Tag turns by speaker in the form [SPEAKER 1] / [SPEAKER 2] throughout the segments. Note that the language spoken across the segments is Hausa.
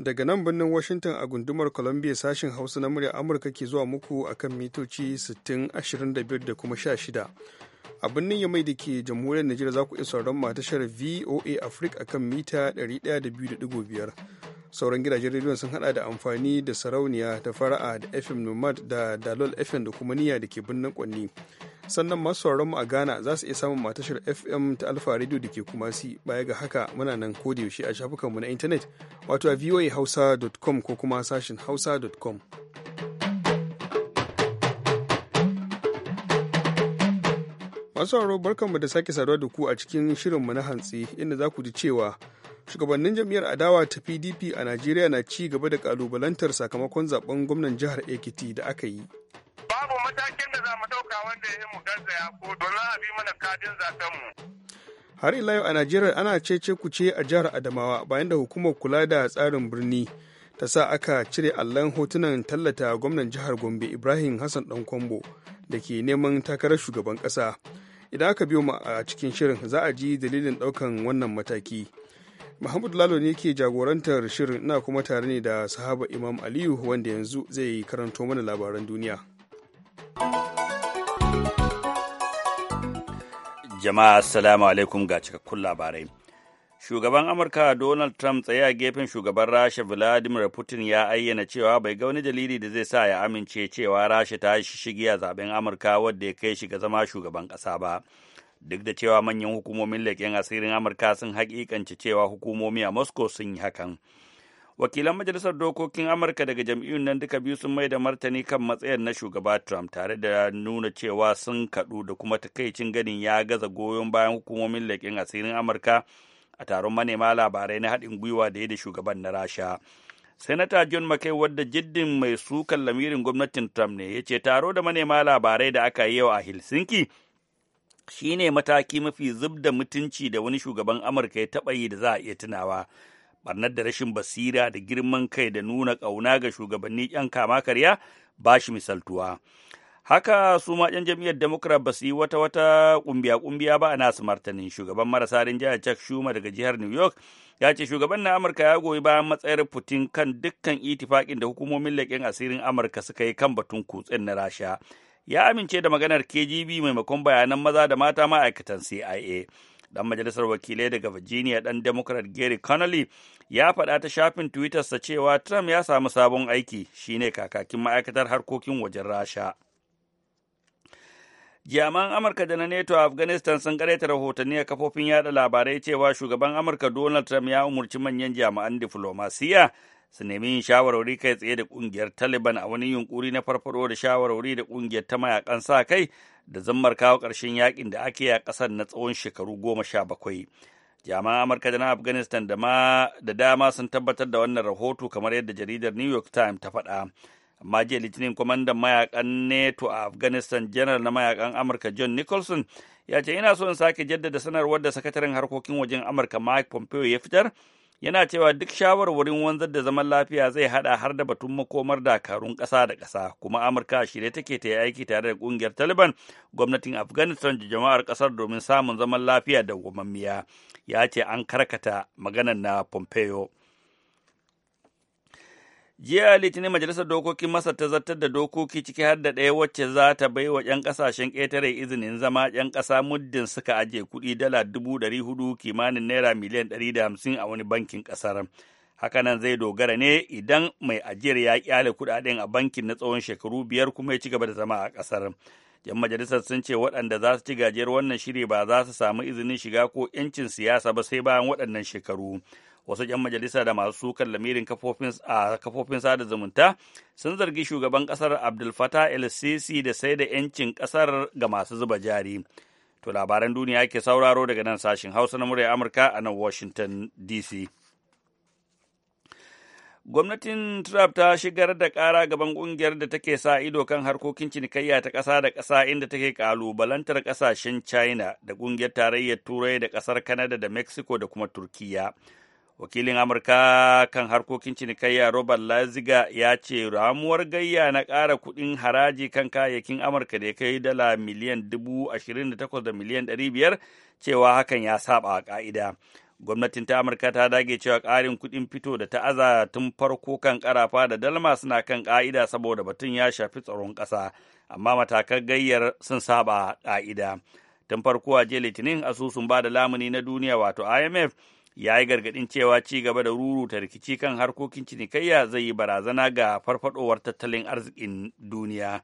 [SPEAKER 1] daga nan birnin Washington a gundumar Columbia sashin Hausa na murya Amurka ke zuwa muku akan mitoci 6025 da kuma 16. A birnin Yamai da ke jamhuriyar nigeria za ku iya sauran tashar VOA Africa akan mita 102.5. sauran gidajen rediyon sun hada da amfani da sarauniya ta fara'a da fm nomad da dalol fm da kuma niyya da ke birnin kwanni sannan masu mu a ghana za su iya samun matashar fm ta alfa radio da ke kumasi baya ga haka muna nan ko da yaushe a shafukanmu na intanet wato a voahausa.com ko kuma sashin hausa.com masu sauraro barkanmu da sake saduwa da ku a cikin shirin mu na hantsi inda za ku ji cewa shugabannin jam'iyyar adawa ta pdp a najeriya na ci gaba da kalubalantar sakamakon zaben gwamnan jihar ekiti da aka yi
[SPEAKER 2] babu matakin da za mu dauka wanda ya yi mu garzaya ko domin a bi mana kadin mu.
[SPEAKER 1] har ila yau a najeriya ana cece ce a jihar adamawa bayan da hukumar kula da tsarin birni ta sa aka cire allon hotunan tallata gwamnan jihar gombe ibrahim hassan dan kwambo da ke neman takarar shugaban ƙasa idan aka biyo mu a cikin shirin za a ji dalilin ɗaukan wannan mataki Muhammadu Lalo ne ke jagorantar shirin ina kuma tare ne da sahaba Imam Aliyu wanda yanzu zai karanto mana labaran duniya.
[SPEAKER 3] Jama'a assalamu alaikum ga cikakkun labarai. shugaban amurka donald trump tsaye a gefen shugaban rasha vladimir putin ya ayyana cewa bai ga wani dalili da zai sa ya amince cewa rasha ta shishigi a zaben amurka wadda ya kai shi ga zama shugaban kasa ba duk da cewa manyan hukumomin leƙen asirin amurka sun haƙiƙance cewa hukumomi a moscow sun yi hakan wakilan majalisar dokokin amurka daga jam'iyyun nan duka biyu sun mai da martani kan matsayar na shugaba trump tare da nuna cewa sun kaɗu da kuma takaicin ganin ya gaza goyon bayan hukumomin leƙen asirin amurka a taron manema labarai na haɗin gwiwa da ya da shugaban na rasha Sanata John mckay wadda jiddin mai sukan lamirin gwamnatin Trump ne ya ce taro da manema labarai da aka yi yau a Helsinki shi ne mataki mafi zub da mutunci da wani shugaban Amurka ya taɓa yi da za a iya tunawa. Barnar da rashin basira da girman kai da nuna ƙauna ga shugabanni 'yan kama karya ba shi misaltuwa. haka su ma yan jam'iyyar democrat ba su yi wata wata kumbiya kumbiya ba a nasu martanin shugaban marasa jihar chuck shuma daga jihar new york ya ce shugaban na amurka ya goyi bayan matsayar putin kan dukkan itifakin da hukumomin leƙen asirin amurka suka yi kan batun kutsen na rasha ya amince da maganar kgb maimakon bayanan maza da mata ma'aikatan cia dan majalisar wakilai daga virginia dan democrat gary connolly ya faɗa ta shafin sa cewa trump ya samu sabon aiki shine kakakin ma'aikatar harkokin wajen rasha Jami'an Amurka da na NATO a Afghanistan sun karaita rahotanni a kafofin yada labarai cewa shugaban Amurka Donald Trump ya umarci manyan jami'an diflomasiya su nemi yin shawarwari kai tsaye da kungiyar Taliban a wani yunkuri na farfaro da shawarwari da kungiyar ta mayakan sa kai da zammar kawo ƙarshen yakin da ake yi a kasar na tsawon shekaru goma sha bakwai. jami'an amurka da na afghanistan da dama sun tabbatar da wannan rahoto kamar yadda jaridar new york times ta faɗa amma jiya litinin kwamandan mayakan neto a afghanistan janar na mayakan amurka john nicholson ya ce ina so in sake jaddada sanarwar da sakataren harkokin wajen amurka mike pompeo ya fitar yana cewa duk shawarwarin wanzar da zaman lafiya zai hada har da batun makomar dakarun kasa da kasa kuma amurka shirye take ta yi aiki tare da ƙungiyar taliban gwamnatin afghanistan da jama'ar ƙasar domin samun zaman lafiya da gwamammiya ya ce an karkata maganar na pompeo Jiya Litinin Majalisar Dokokin Masar ta zartar da dokoki ciki har da ɗaya wacce za ta bai wa ‘yan ƙasashen ƙetare izinin zama ‘yan ƙasa muddin suka ajiye kuɗi dala dubu ɗari hudu kimanin naira miliyan ɗari da hamsin a wani bankin ƙasar. Hakanan zai dogara ne idan mai ajiyar ya ƙyale kuɗaɗen a bankin na tsawon shekaru biyar kuma ya ci gaba da zama a ƙasar. ‘Yan majalisar sun ce waɗanda za su ci gajiyar wannan shiri ba za su samu izinin shiga ko ‘yancin siyasa ba sai bayan waɗannan shekaru. wasu 'yan majalisa da masu sukar lamirin kafofin sada zumunta sun zargi shugaban kasar abdul fatah el sisi da sai da 'yancin kasar ga masu zuba jari to labaran duniya ke sauraro daga nan sashen hausa na murya amurka a nan washington dc gwamnatin Trump ta shigar da ƙara gaban ƙungiyar da take sa ido kan harkokin cinikayya ta ƙasa da ƙasa inda take ƙalubalantar ƙasashen China da ƙungiyar tarayyar Turai da ƙasar Canada da Mexico da kuma Turkiya wakilin amurka kan harkokin cinikayya robert laziga ya ce ramuwar gayya na ƙara kuɗin haraji kan kayayyakin amurka da ya kai dala miliyan dubu ashirin da takwas da miliyan ɗari biyar cewa hakan ya saba a ƙa'ida gwamnatin ta amurka ta dage cewa ƙarin kuɗin fito da ta'aza tun farko kan ƙarafa da dalma suna kan ƙa'ida saboda batun ya shafi tsaron ƙasa amma matakan gayyar sun saba ƙa'ida tun farko a jiya litinin asusun ba da lamuni na duniya wato imf ya yi gargaɗin cewa ci gaba da ruruta rikici kan harkokin cinikayya zai yi barazana ga farfadowar tattalin arzikin duniya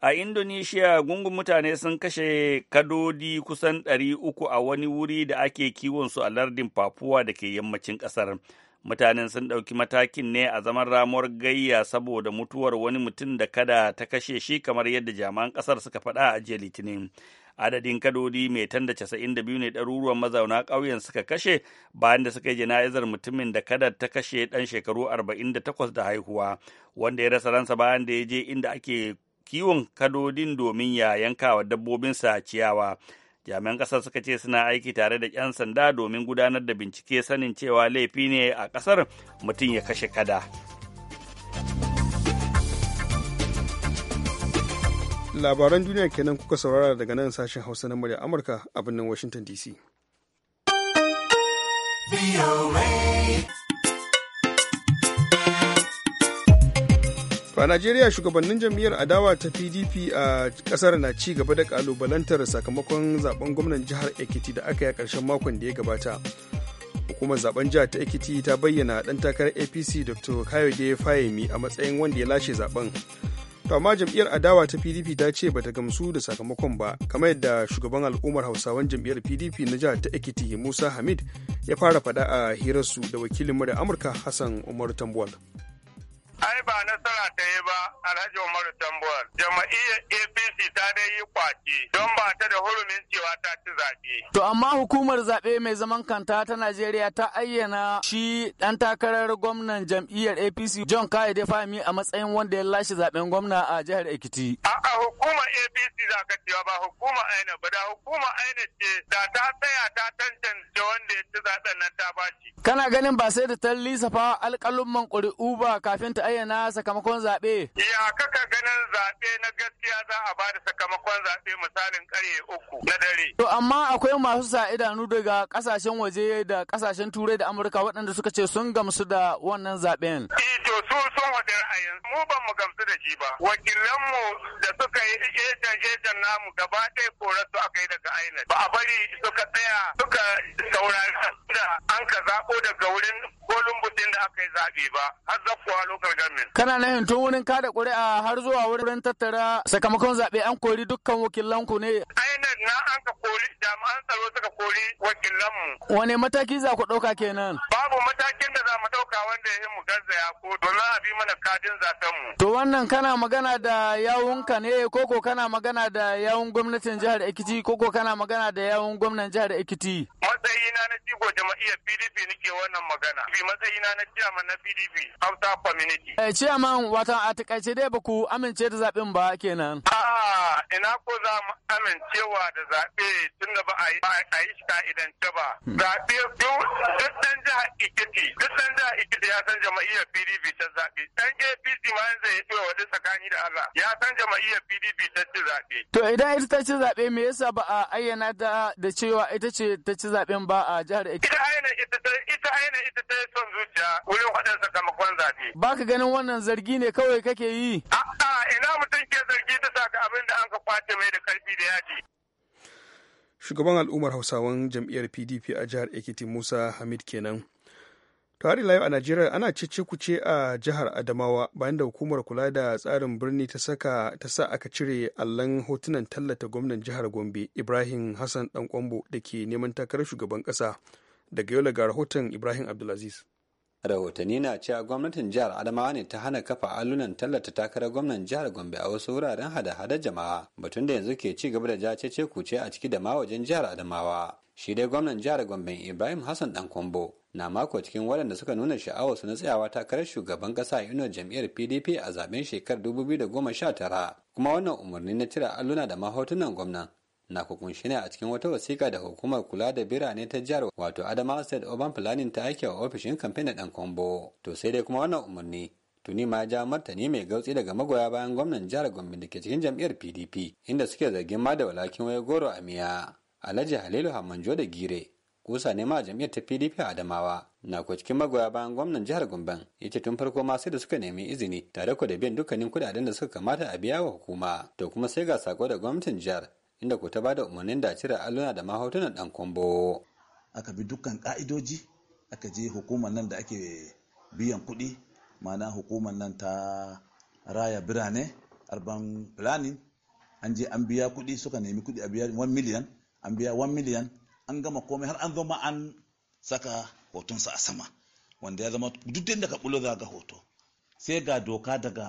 [SPEAKER 3] a indonesia gungun mutane sun kashe kadodi kusan 300 a wani wuri da ake kiwon su a lardin papuwa da ke yammacin ƙasar mutanen sun ɗauki matakin ne a zaman ramuwar gayya saboda mutuwar wani mutum da kada ta kashe shi kamar yadda jami'an ƙasar suka faɗa a jiya litinin adadin kadodi mai tanda casa'in da biyu ne ɗaruruwan mazauna ƙauyen suka kashe bayan da suka yi jana'izar mutumin da kada ta kashe ɗan shekaru arba'in da takwas da haihuwa wanda ya rasa ransa bayan da ya je inda ake kiwon kadodin domin ya yanka wa dabbobinsa ciyawa jami'an ƙasar suka ce suna aiki tare da 'yan sanda domin gudanar da bincike sanin cewa laifi ne a ƙasar mutum ya kashe kada.
[SPEAKER 1] labaran duniya kenan kuka saurara daga nan sashen hausa na murya amurka a birnin washington dc a najeriya shugabannin jam'iyyar adawa ta pdp a kasar na ci gaba da kalubalantar sakamakon zaben gwamnan jihar ekiti da aka yi a karshen makon da ya gabata hukumar zaben jihar ta ekiti ta bayyana dan takarar apc dr kayode fayemi a matsayin wanda ya lashe zaben to amma jam'iyyar adawa ta pdp ta ce bata gamsu da sakamakon ba kamar yadda shugaban al'ummar hausawan jam'iyyar pdp na jihar ta ekiti musa hamid ya fara faɗa a hirarsu da wakilin murya amurka hassan umar tambuwal ai ba
[SPEAKER 2] nasara ta yi ba alhaji umaru tambuwar jama'iyyar apc ta dai
[SPEAKER 4] yi kwaki. don ba ta da hurumin cewa ta ci zaɓe. to amma hukumar zaɓe mai zaman kanta ta najeriya ta ayyana shi ɗan takarar gwamnan jam'iyyar apc john kaide fahimi a matsayin wanda ya lashe zaɓen gwamna a jihar ekiti. a'a hukumar apc za ka cewa ba hukumar aina ba da
[SPEAKER 2] hukumar aina ce da ta tsaya ta tantance
[SPEAKER 4] wanda ya ci zaɓen nan ta bashi. kana ganin ba sai da ta lissafa alƙalumman ƙuri'u ba kafin ta ayyana sakamakon zaɓe? Ya kaka ganin zaɓe na gaskiya za a ba da sakamakon zaɓe misalin karye uku na dare. amma akwai masu sa idanu daga kasashen waje da kasashen turai da amurka waɗanda suka ce sun gamsu da wannan zaben e, to su sun wajen ra'ayin
[SPEAKER 2] mu ban mu gamsu da shi ba wakilanmu da suka yi ejan ejan namu gaba ɗaya korar su aka yi daga inec ba a bari suka tsaya suka saurari da an ka zaɓo daga wurin kolin butin da aka yi zaɓe
[SPEAKER 4] ba har zakkuwa lokal gamin. kana nahin tun wurin kada ƙuri'a har zuwa wurin tattara sakamakon zaɓe an kori dukkan wakilanku ne. inec na an ka kori jami'an tsaro suka kori mu Wane mataki za ku ɗauka kenan? Babu
[SPEAKER 2] matakin da za mu ɗauka wanda ya mu garzaya
[SPEAKER 4] ko domin a bi mana kadin mu To wannan kana magana da yawunka ne koko kana magana da yawun gwamnatin jihar Ekiti koko kana magana da yawun gwamnan jihar Ekiti. Matsayina na jigo
[SPEAKER 2] jama'iyyar PDP nake wannan magana. Bi matsayina na ciyaman na PDP
[SPEAKER 4] Hausa Community. Eh ciyaman watan a takaice dai ba ku amince da zaɓen ba kenan.
[SPEAKER 2] ina ko za mu amincewa da zaɓe tunda ba a yi shi ka'idance ba. Hmm. Zaɓe duk ɗan jihar Ikiti, duk ɗan jihar Ikiti ya san jama'iyyar PDP ta zaɓe. Ɗan APC ma yanzu ya wa waje tsakani da Allah ya san jama'iyyar PDP
[SPEAKER 4] ta ci zaɓe. To idan ita ta ci zaɓe me yasa ba a ayyana ta da cewa ita ce ta ci zaɓen ba a jihar Ikiti? Ita ayyana ita ta ita ayyana ita ta son zuciya wurin waɗansu sakamakon zaɓe. Ba ka ganin wannan zargi ne kawai kake yi?
[SPEAKER 2] A'a ina mutum ke zargi ta saka abin da an ka kwace mai da karfi da yaji
[SPEAKER 1] shugaban al'ummar hausawan jam'iyyar pdp a jihar ekiti musa hamid kenan tare layo a najeriya ana cece kuce a jihar adamawa bayan da hukumar kula da tsarin birni ta saka ta sa aka cire allon hotunan tallata gwamnan jihar gombe ibrahim hassan Dankwambo da ke neman takarar shugaban kasa daga yau ga rahoton ibrahim abdulaziz
[SPEAKER 5] rahotanni na cewa gwamnatin jihar adamawa ne ta hana kafa allunan tallata takarar gwamnan jihar gombe a wasu wuraren hada-hada jama'a batun da yanzu ke ci gaba da jace kuce a ciki da ma wajen jihar adamawa shi dai gwamnan jihar gombe ibrahim hassan dan kwambo na mako cikin waɗanda suka nuna sha'awar su na tsayawa takarar shugaban ƙasa a inuwar jam'iyyar pdp a zaben shekarar 2019 kuma wannan umarni na cire alluna da ma hotunan gwamnan na kukunshi ne a cikin wata wasiƙa da hukumar kula da birane ta jihar wato Adama State Urban Planning ta aike wa ofishin kamfen da ɗan Kombo. To sai dai kuma wannan umarni tuni ma ja martani mai gautsi daga magoya bayan gwamnan jihar Gombe da ke cikin jam'iyyar PDP inda suke zargin ma da walakin waya goro a miya. Alhaji Halilu Hamanjo da Gire kusa ne ma jam'iyyar ta PDP a Adamawa na ko cikin magoya bayan gwamnan jihar Gombe Ita tun farko ma sai da suka nemi izini tare ko da biyan dukkanin kudaden da suka kamata a biya wa hukuma to kuma sai ga sako da gwamnatin jihar inda ko ta ba da umarnin da cire alluna da mahautuna dan kwambo aka bi dukkan ka'idoji aka je hukumar
[SPEAKER 6] nan da ake biyan kuɗi ma'ana hukumar nan ta raya birane urban planning an je an biya kuɗi suka nemi kuɗi a biya 1 million, an biya 1 million, an gama komai har an zama an saka hotonsa a sama wanda ya zama duk da ka bulo za ga hoto sai ga doka daga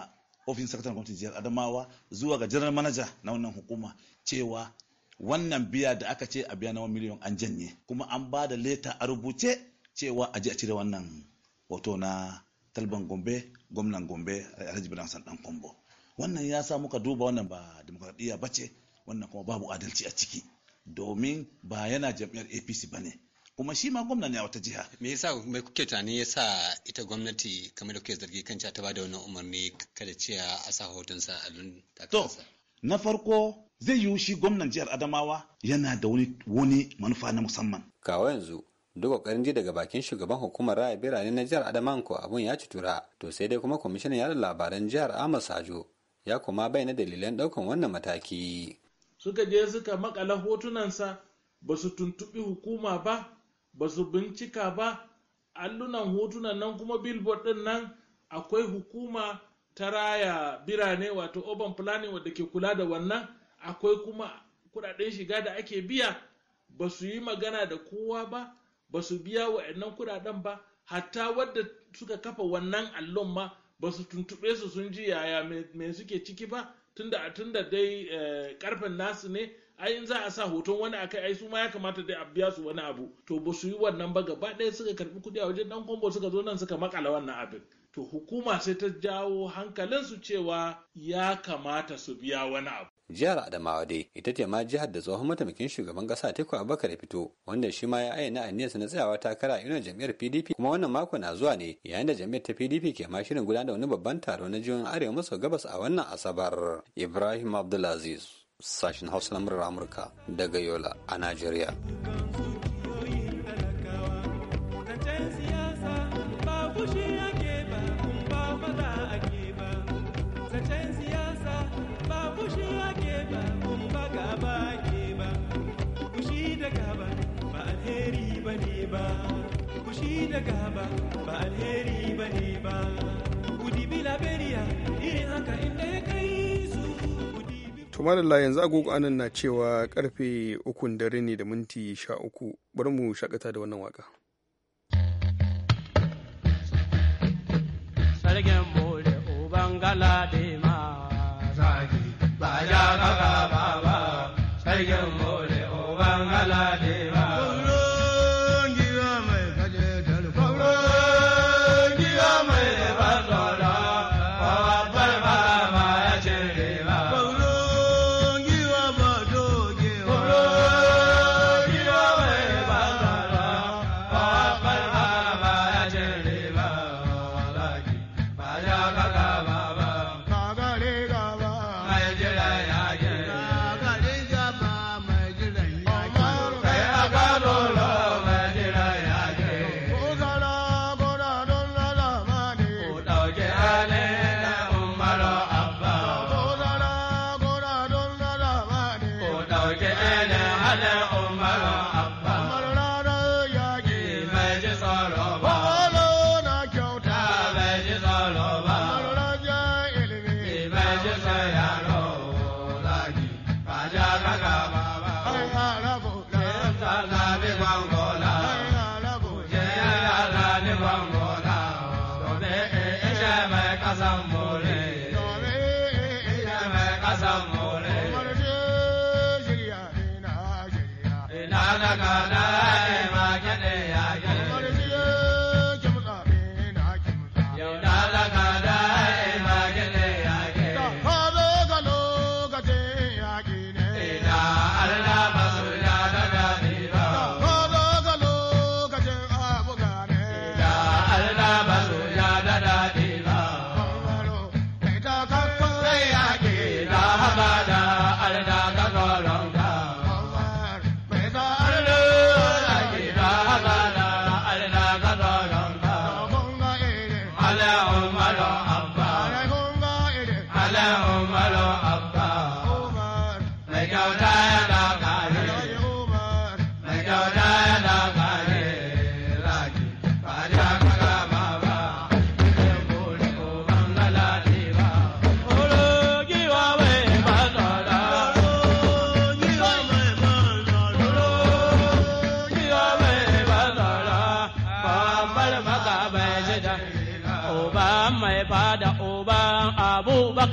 [SPEAKER 6] ofishin sakataren gwamnatin jihar adamawa zuwa ga general manager na wannan hukuma cewa wannan biya da aka ce a biya na miliyon an janye kuma an ba da leta a rubuce cewa a je a cire wannan hoto na talban gombe gwamnan gombe alhaji bilan Dan kombo wannan ya sa muka duba wannan ba demokradiyya ba ce wannan kuma babu adalci a ciki domin ba yana jam'iyyar apc ba ne kuma shi ma gwamna ne a wata jiha
[SPEAKER 5] me yasa mai kuke tunani yasa ita gwamnati kamar da kuke zargi kan ta da wannan umarni kada ce a sa hotonsa a lun to na farko zai yiwu shi gwamnan jihar adamawa
[SPEAKER 6] yana da wani wani manufa na musamman
[SPEAKER 5] kawo yanzu duk kokarin ji daga bakin shugaban hukumar raya birane na jihar adaman ko abun ya ci tura to sai dai kuma kwamishinan yada labaran jihar ahmad sajo ya kuma bayyana dalilan daukan wannan mataki
[SPEAKER 7] suka je suka makala hotunansa ba su tuntubi hukuma ba ba su bincika ba allunan hotunan nan kuma billboard din nan akwai hukuma ta raya birane wato urban planning wadda ke kula da wannan akwai kuma kudaden shiga da ake biya ba su yi magana da kowa ba ba su biya wa'annan kudaden ba hatta wadda suka kafa wannan allon ma ba su tuntube su sun ji yaya me suke ciki ba tunda tunda dai karfen eh, nasu ne ai in za a sa hoton wani a akai ai su ma ya kamata dai a biya su wani abu to ba su yi wannan ba gaba ɗaya suka karbi kuɗi a wajen dan kombo suka zo nan suka makala wannan abin to hukuma sai ta jawo hankalinsu cewa ya kamata su biya wani abu
[SPEAKER 5] jihar adamawa dai ita ce ma jihar da tsohon mataimakin shugaban kasa atiku abubakar ya fito wanda shi ma ya ayyana aniyarsa na tsayawa takara a jam'iyyar pdp kuma wannan mako na zuwa ne yayin da jam'iyyar ta pdp ke ma shirin gudanar da wani babban taro na jihohin arewa maso gabas a wannan asabar ibrahim abdulaziz sashen hausa na murar amurka daga yola a najeriya
[SPEAKER 8] gaba ba alheri
[SPEAKER 1] ba yanzu agogo anan na cewa karfe ukun dare ne da minti sha uku bari mu shakata da wannan waka
[SPEAKER 8] sargen bole uban gala zagi ba ya kaka ba ba sargen bole is our own.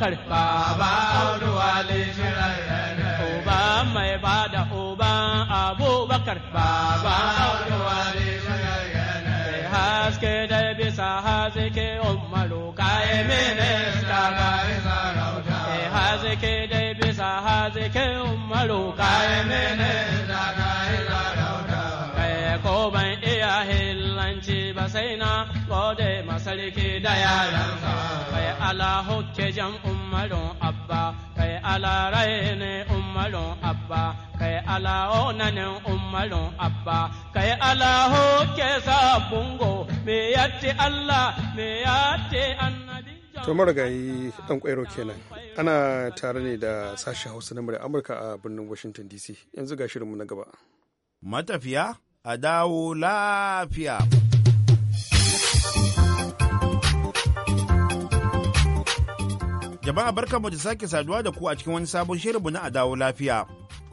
[SPEAKER 8] karfa ba wani uba mai bada uba abubakar baba wani mai haske da bisa haske umaru kai minista ga sarauta mai haske da bisa haske umaru kai minista ba sai na masarki da yaransa kai ala hokke jan umarun abba kai ala raine umarun abba kai ala onane umarun abba kai ala hokke sabungo me yatti Allah me yatti annabi
[SPEAKER 1] to marigayi dan kwairo kenan ana tare ne da sashi hausa na murya amurka a birnin washington dc yanzu ga shirinmu na gaba
[SPEAKER 6] matafiya a dawo lafiya Jama'a barkanmu da sake saduwa da ku a cikin wani sabon shirinmu na Adawo Lafiya.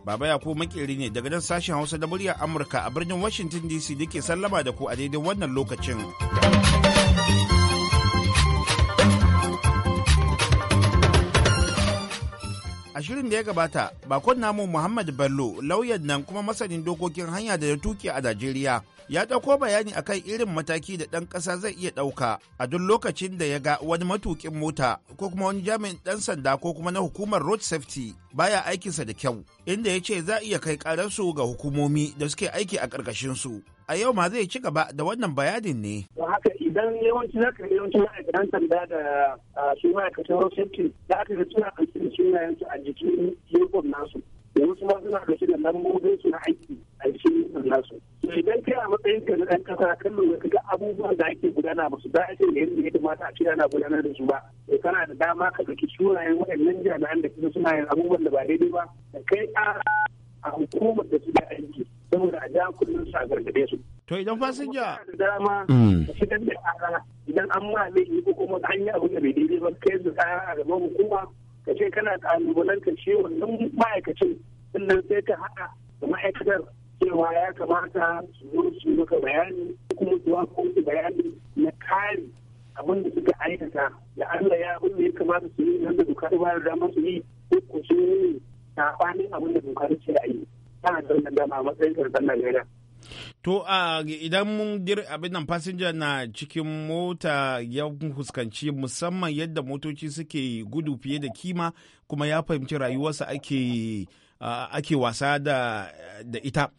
[SPEAKER 6] Baba Yakubu makeri ne daga nan sashen Hausa da muryar Amurka a birnin Washington DC da ke sallama da ku a daidai wannan lokacin. a shirin da ya gabata bakon namu Muhammad Bello lauyan nan kuma masanin dokokin hanya da tuki a Najeriya ya ɗauko bayani a akan irin mataki da ɗan ƙasa zai iya ɗauka a duk lokacin da ya ga wani matukin mota ko kuma wani jami'in ɗan sanda ko kuma na hukumar road safety baya aikinsa da kyau inda ya ce za iya kai ƙararsu ga hukumomi da suke aiki a ƙarƙashinsu. a yau ma zai ci gaba da wannan bayanin ne. haka
[SPEAKER 9] idan yawanci za zaka yawanci yawancin ma'aikatan sanda da su ma'aikatan rosenti da aka ga suna ɗauke da su a jikin uniform nasu. Wasu suna suna kashe da lambobin su na aiki a jikin uniform nasu. Idan kai a matsayin ka na ɗan ƙasa kan lura ka ga abubuwan da ake gudana ba su dace da yadda ya kamata a ce ana gudanar da su ba. kana da dama ka ɗauki sunayen waɗannan jami'an da kuma suna yin abubuwan da ba daidai ba. Da kai a hukumar da su da aiki. saboda a ja kullum su a gargaɗe su. To idan fasinja. Dama mm. shigar da ƙara idan an ma zai yi ko kuma hanya abu da bai daidai ba kai su ƙara a gaban hukuma ka ce kana ƙalubalantar shi wannan ma'aikacin sannan sai ka haɗa da ma'aikatar cewa ya kamata su zo su maka bayani kuma su wa bayani na kare abin da suka aikata da Allah ya abin da ya kamata su yi nan da doka ba bayar damar su yi ko su yi saɓanin abin da doka ce a
[SPEAKER 6] To a idan mun gir abin nan fasinja na cikin mota ya huskanci musamman yadda motoci suke gudu fiye da kima kuma ya fahimci rayuwarsa ake ake wasa da da ita.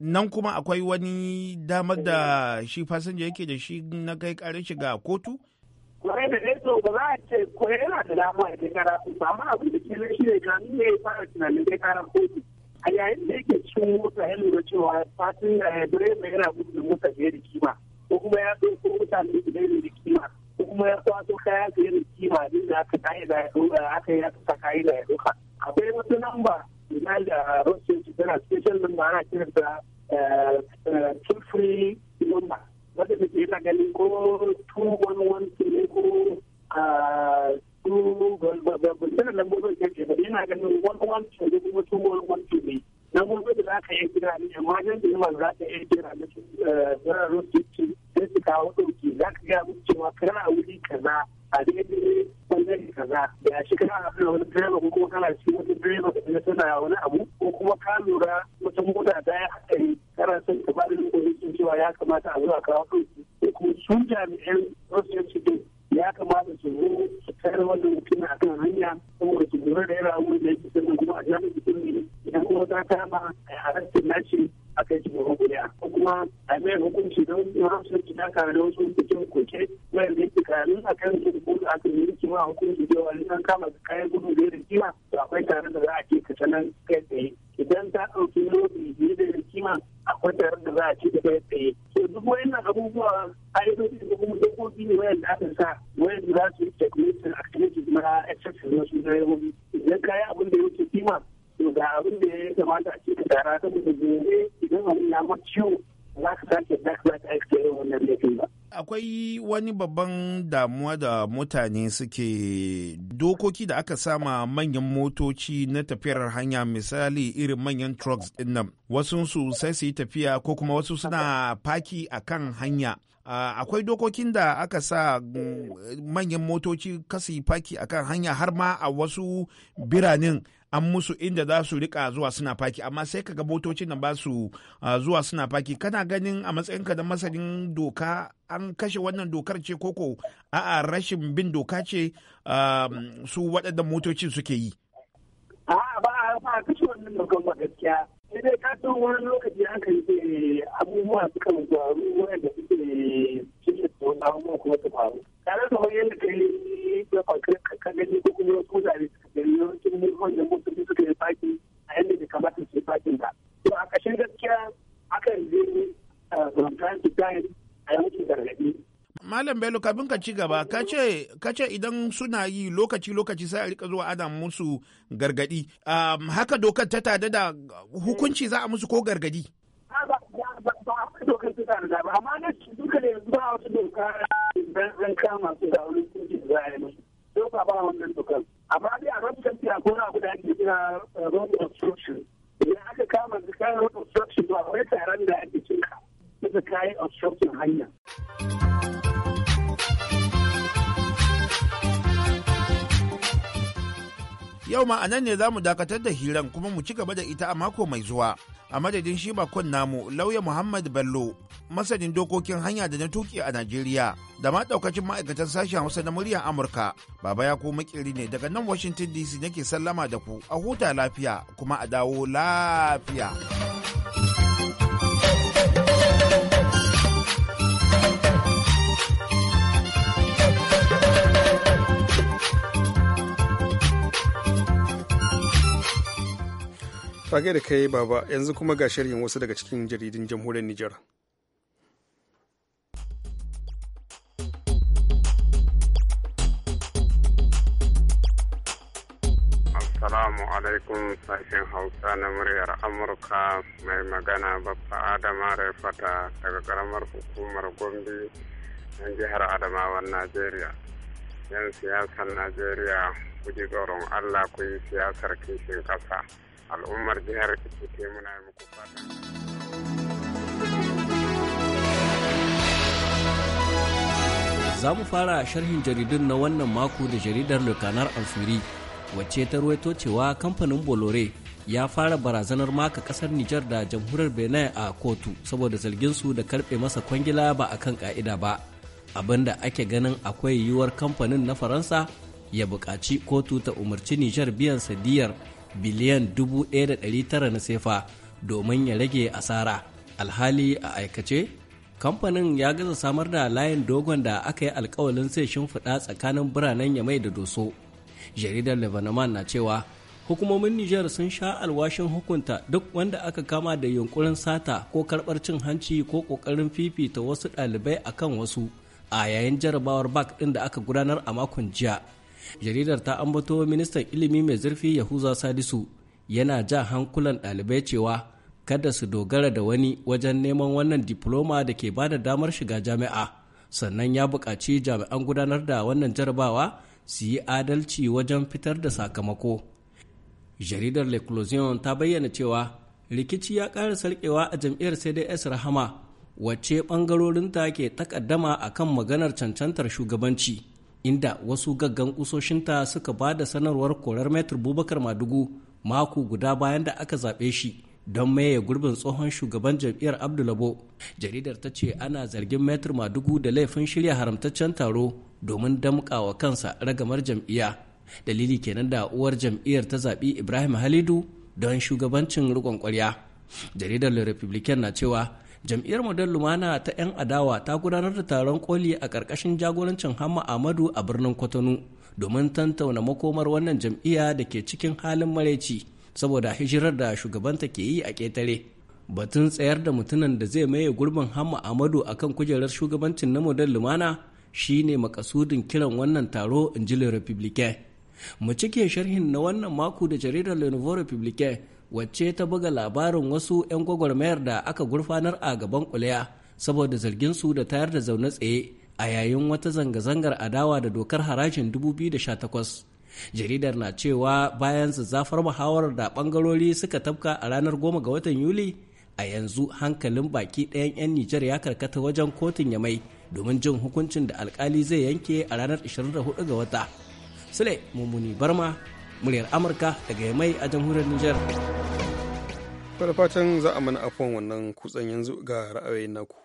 [SPEAKER 6] Nan kuma akwai wani damar da shi fasinja yake da shi na kai karin shiga kotu?
[SPEAKER 9] kwarai da so ba za a ce ko yana da dama ya kai kara amma abin da ke shi ne kamin ya fara tunanin kai kara kotu. a yayin da yake cikin mota ya lura cewa fatin mai eh, yana gudu da mota fiye da kima ko kuma ya ɗauko mutane da da kima ko kuma ya kwaso kaya fiye da kima din da aka kayi da aka yi aka saka yi da ya ɗauka akwai wata namba na da rosin su tana special number ana kiran eh, eh, ta toll free number wadda take yana ganin ko 211 ko ah, tsanan da gobe da ke yana ganin wani wanci wani na gobe da ka yi kira ne amma jan kira da su zararun tuki sai su ka wuri kaza a kaza da shi kana abin wani direba na kuma cikin wani wani abu ko kuma ka lura wata mota ta yi kana son ka ba da cewa ya kamata a zuwa kawo ɗauki ko sun jami'an wasu yanci ya kamata su zo su tare wanda mutum a kan hanya saboda su lura da yara wurin da yake sannan kuma a jami mutum ne idan kuma ta kama a harafin nashi a kai shi gaba guda ko kuma a mai hukunci don su in su ki daka da wasu hukuncin koke wayar da yake kayan a kan su ko da aka yi kima hukunci da wani an kama su kayan gudu da yake kima to akwai tare da za a ke ka sanar kai tsaye idan ta ɗauki lobi biyu da kima akwai tare da za a ce da kai tsaye to duk wayannan abubuwa a yi dokoki ne da aka sa za su yi calculating activities na exception na su direbobi idan kayi abin da yake kima to ga abin da ya kamata a ce ka tara saboda gobe idan abin ya ma ciwo za ka sake za ka sake aiki wannan laifin ba.
[SPEAKER 6] Akwai wani babban damuwa da mutane suke dokoki da aka sama manyan motoci na tafiyar hanya misali irin manyan trucks din nan wasu su sai su yi tafiya ko kuma wasu suna faki a kan hanya akwai dokokin da aka sa mm, manyan motoci yi faki a kan hanya har ma a wasu biranen an musu inda za su rika zuwa suna faki amma sai ka ga motocin nan ba su zuwa suna faki kana ganin a matsayinka da masanin doka an kashe wannan dokar ce koko a'a rashin bin doka ce su waɗanda motocin suke yi a ba a kashe wannan dokar ba gaskiya sai ka san
[SPEAKER 9] wani lokaci haka yake abubuwa sukan faru wanda suke suke tsoron abubuwa kuma su faru tare da wani yadda kai da kwakar ka gani ko kuma wasu mutane suka gani yawancin mulkon da mutum suka yi faki a yadda da kamata su yi fakin ba to a ƙashin gaskiya akan je uh, a zonta su ta yi a yankin gargaɗi
[SPEAKER 6] Malam Bello kafin ka ci gaba ka ce idan suna yi lokaci-lokaci sai a rika zuwa ana musu gargadi. Um, haka dokar ta tada da hukunci za a musu ko gargadi? Yau ma a ne za mu dakatar da hiran kuma mu ci gaba da ita a mako mai zuwa. A madadin shi bakon namu lauya Muhammad Bello, masanin dokokin hanya da na tuki a Najeriya, da ma daukacin ma'aikatan sashen Hausa na muryar Amurka. Baba ya ko makiri ne daga nan Washington DC nake sallama da ku a huta lafiya kuma a dawo lafiya.
[SPEAKER 1] Fage da kai baba yanzu kuma ga shirin wasu daga cikin jaridun jamhuriyar Nijar.
[SPEAKER 10] Assalamu alaikum sashen Hausa na muryar Amurka mai magana babba Adama Raifata daga karamar hukumar Gombe na jihar Adamawan Najeriya. Yan siyasar Najeriya ku ji tsoron Allah ku yi siyasar kishin ƙasa. al'ummar jihar muna yi muku fata.
[SPEAKER 7] Za mu fara sharhin jaridun na wannan mako da jaridar Lokanar Alfuri, wacce ta ruwaito cewa kamfanin Bolore ya fara barazanar maka kasar Nijar da jamhuriyar Benin a kotu saboda zargin su da karbe masa kwangila ba a kan ka'ida ba. Abinda ake ganin akwai yiwuwar kamfanin na Faransa ya buƙaci kotu ta umarci Nijar biyan sadiyar biliyan 1,900 na sefa domin ya rage asara alhali a aikace kamfanin ya gaza samar da layin dogon da aka yi alkawalin sai shimfiɗa tsakanin biranen yamai da doso jaridar lebanon na cewa hukumomin Nijar sun sha alwashin hukunta duk wanda aka kama da yunkurin sata ko karɓar cin hanci ko ƙoƙarin fifita wasu ɗalibai akan wasu a yayin jarabawar bak ɗin da aka gudanar a makon jiya jaridar ta ambato ministan ilimi mai zurfi yahuza sadisu yana ja hankulan ɗalibai cewa kada su dogara da wani wajen neman wannan diploma da ke bada damar shiga jami'a sannan ya buƙaci jami'an gudanar da wannan jarabawa su yi adalci wajen fitar da sakamako jaridar l'eclosion ta bayyana cewa rikici ya ƙara sarkewa a jam'iyyar cds rahama wacce ɓangarorinta ke takaddama akan maganar cancantar shugabanci inda wasu gaggan kusoshinta suka ba da sanarwar korar metr bubakar madugu mako guda bayan da aka zaɓe shi don maye gurbin tsohon shugaban jam'iyyar abdulabo jaridar ta ce ana zargin metr madugu da laifin shirya haramtaccen taro domin damƙawa kansa ragamar jam'iyya dalili kenan da uwar jam'iyyar ta zaɓi ibrahim halidu don shugabancin rikon ƙwarya jaridar le republican na cewa jam'iyyar model lumana ta 'yan adawa ta gudanar da taron koli a ƙarƙashin jagorancin hamma amadu a birnin kwatano domin tantauna makomar wannan jam'iyya da ke cikin halin maraici saboda hijirar da shugabanta ke yi a ƙetare batun tsayar da mutunan da zai maye gurbin hamma amadu a kan kujerar shugabancin na model lumana shine makasudin kiran wannan taro in ji le mu cike sharhin na wannan mako da jaridar le nouveau wacce ta buga labarin wasu 'yan gwagwarmayar da aka gurfanar a gaban kuliya saboda zargin su da tayar da zaune tsaye a yayin wata zanga-zangar adawa da dokar harajin 2018 jaridar na cewa bayan zazzafar muhawarar da bangarori suka tafka a ranar 10 ga watan yuli a yanzu hankalin baki ɗayan 'yan nijar ya karkata wajen kotun yamai domin jin hukuncin da alkali zai yanke a ranar 24 ga wata sule mummuni barma muryar amurka daga mai a jamhuriyar niger da fatan za a mana
[SPEAKER 1] afon wannan kutsen yanzu ga ra'ayoyin naku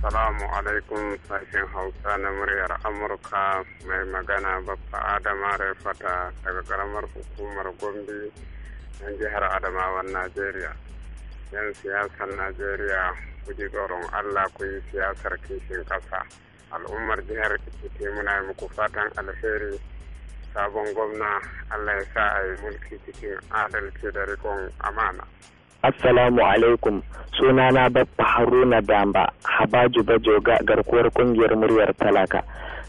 [SPEAKER 10] Assalamu alaikum sashen Hausa na muryar Amurka mai magana babba Adama fata daga karamar hukumar Gombe na jihar Adamawan Najeriya. Yan siyasar Najeriya ku tsoron Allah ku yi siyasar kishin ƙasa. Al'ummar jihar Ekiti muna yi muku fatan alheri sabon gwamna Allah ya sa a yi mulki cikin adalci da rikon amana.
[SPEAKER 9] Assalamu alaikum sunana babba Haruna Damba Habaju Bajoga garkuwar kungiyar muryar talaka.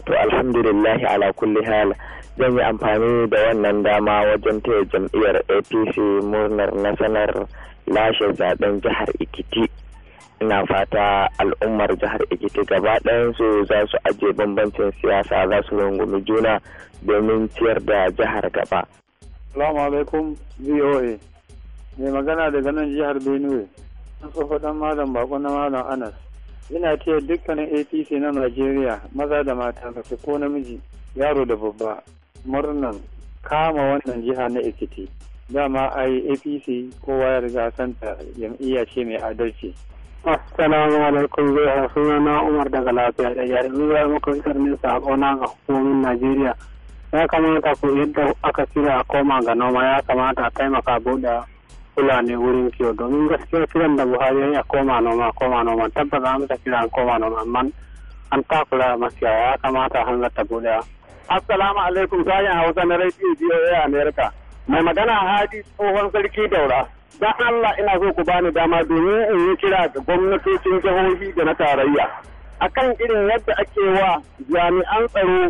[SPEAKER 9] To alhamdulillahi ala kulli hal zan yi amfani da wannan dama wajen taya jam'iyyar APC murnar nasanar lashe zaben jihar Ikiti ina fata al'ummar jihar ekiti gaba su za su ajiye bambancin siyasa za su rungumi juna domin ciyar da jihar gaba. Salamu alaikum VOA mai magana daga nan jihar Benue an tsofa dan malam bako na malam Anas ina ce dukkanin APC na Najeriya maza da mata mace ko namiji yaro da babba murnan kama wannan jiha na Ekiti dama ai APC kowa ya riga santa jam'iyya ce mai adalci Assalamu alaikum zai hau suna na Umar daga lafiya da jarumi ya muka isar a sakona ga hukumomin Najeriya. Ya kamata ku yadda aka kira a koma ga noma ya kamata a taimaka buɗe Fulani wurin kiwo domin gaskiya kiran da Buhari ya a koma noma koma noma tabbas an masa kira a koma noma amma an takura masiyaya ya kamata ta buɗe. Assalamu alaikum sayan hausa na rediyo biyo ya Amerika. Mai magana Hadi tsohon sarki daura. don Allah ina so ku bani dama domin in yi kira da gwamnatocin jihohi da na tarayya akan irin yadda ake wa jami'an tsaro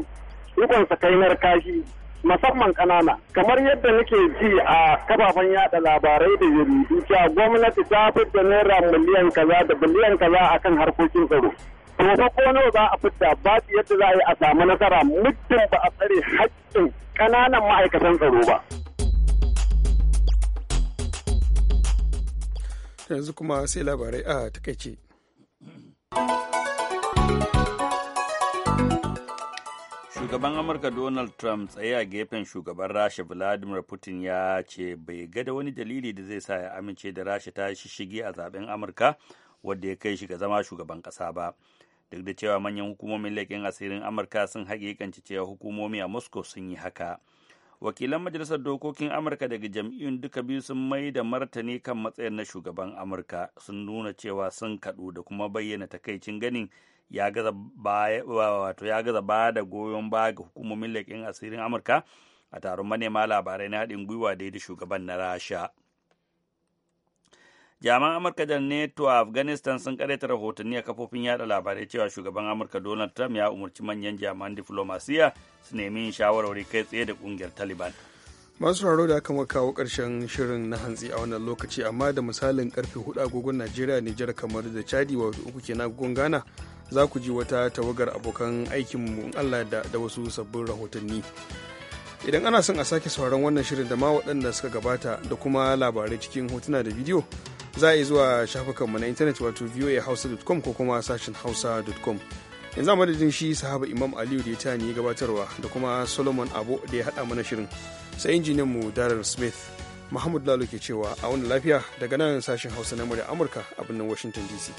[SPEAKER 9] rikon sakainar kashi musamman ƙanana kamar yadda nake ji a kafafen yada labarai da jaridu cewa gwamnati ta fidda naira miliyan kaza da biliyan kaza akan harkokin tsaro to fa ko nawa za a fitta ba yadda za a yi a samu nasara muddin ba a tsare
[SPEAKER 1] haƙƙin ƙananan ma'aikatan tsaro ba yanzu kuma sai labarai a takaice
[SPEAKER 3] shugaban amurka donald trump tsaye a gefen shugaban rasha vladimir putin ya ce bai ga da wani dalili da zai sa ya amince da rasha ta shishige a zaben amurka wadda ya kai shi ga zama shugaban ƙasa ba duk da cewa manyan hukumomin leƙen asirin amurka sun hakikanci cewa hukumomi a moscow sun yi haka wakilan majalisar dokokin amurka daga jam'iyyun duka biyu sun mai da martani kan matsayin na shugaban amurka sun nuna cewa sun kaɗu da kuma bayyana takaicin ganin ya gaza ba da goyon baya ga hukumomin leƙin asirin amurka a taron manema labarai na haɗin gwiwa da shugaban na rasha jami'an amurka da neto a afghanistan sun ta rahotanni a kafofin yada labarai cewa shugaban amurka donald trump ya umarci manyan jami'an diflomasiya su nemi yin shawarwari kai tsaye da kungiyar taliban
[SPEAKER 1] masu raro da aka makawa karshen shirin na hantsi a wannan lokaci amma da misalin karfe hudu agogon najeriya nijar kamar da chadi wato uku na agogon ghana za ku ji wata tawagar abokan aikinmu allah da wasu sabbin rahotanni idan ana son a sake sauran wannan shirin da ma waɗanda suka gabata da kuma labarai cikin hotuna da bidiyo za a yi zuwa shafukanmu na intanet wato voahausa.com ko kuma sashen hausa.com yanzu a madadin shi sahaba imam aliyu da ya ta ni gabatarwa da kuma solomon abu da ya haɗa mana shirin sai injiniyan mu darar smith muhammadu lalo ke cewa a wani lafiya daga nan sashen hausa na murya amurka a birnin washington dc